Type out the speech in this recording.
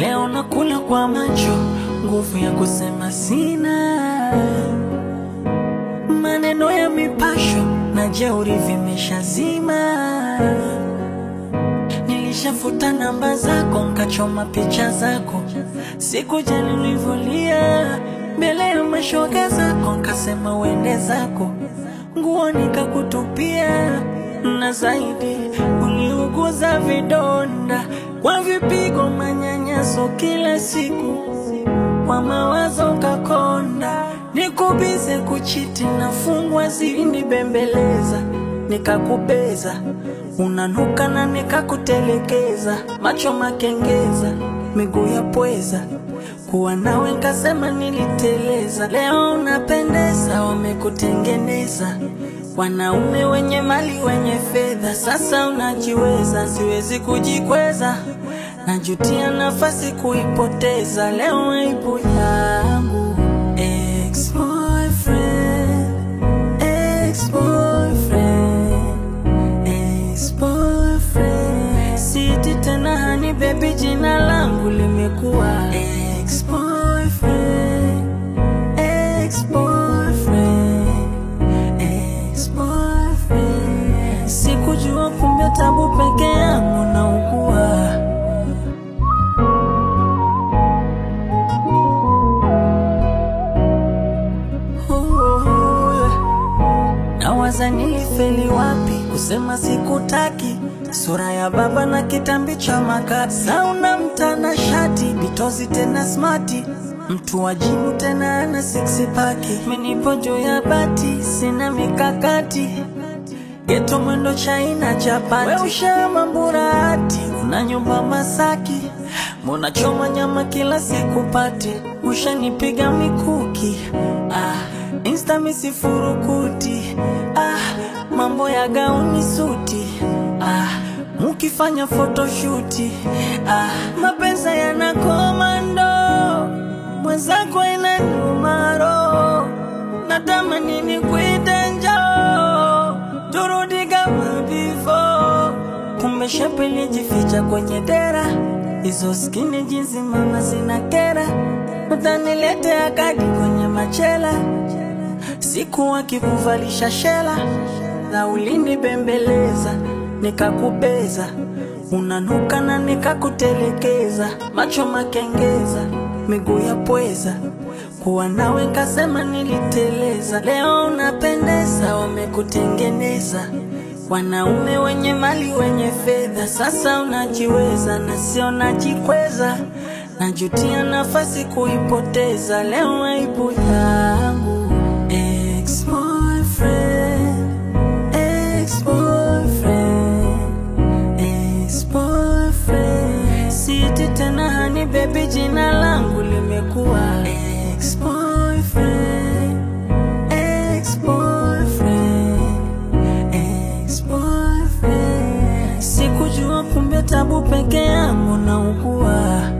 Leo nakula kwa macho, nguvu ya kusema sina. Maneno ya mipasho na jeuri vimeshazima. Nilishafuta namba zako, nkachoma picha zako, sikujali ulivolia mbele ya mashoga zako, nkasema uende zako, nguo nikakutupia na zaidi kuniuguza vidonda kwa vipigo, manyanyaso kila siku, kwa mawazo kakonda, nikubize kuchiti na fungwa zilinibembeleza, nikakubeza unanuka na nikakutelekeza, macho makengeza, miguu ya pweza kuwa nawe nkasema niliteleza, leo unapendeza, wamekutengeneza Wanaume wenye mali, wenye fedha, sasa unajiweza, siwezi kujikweza, najutia nafasi kuipoteza, leo aibu yangu ex-boyfriend, ex-boyfriend, ex-boyfriend, siti tena hani baby, jina langu limekuwa Sikujua kumbe tabu peke yangu na ukua Nawaza nilifeli wapi kusema sikutaki Sura ya baba na kitambi cha maka Sauna mtana shati Bitozi tena smati Mtu wajimu tena ana six paki Menipo juu ya bati Sina mikakati geto mwendo China Japani, we ushama mburati, una nyumba Masaki, munachoma nyama kila siku pati, ushanipiga mikuki ah, insta misifurukuti ah, mambo ya gauni suti ah, mukifanya photoshuti ah, ina numaro ndo mwenzako ina numaro Makeup ilijificha kwenye dera, hizo skini jinsi mama zina kera, ya kagi kwenye machela, siku wakikuvalisha shela na ulinibembeleza nikakubeza, unanuka na nikakutelekeza, macho makengeza, miguu ya pweza, kuwa nawe kasema niliteleza, leo unapendeza, wamekutengeneza Wanaume wenye mali wenye fedha, sasa unajiweza na sio najikweza. Najutia nafasi kuipoteza, leo aibu yangu. Ex siti tena hani baby, jina langu limekuwa ex boyfriend. 啊。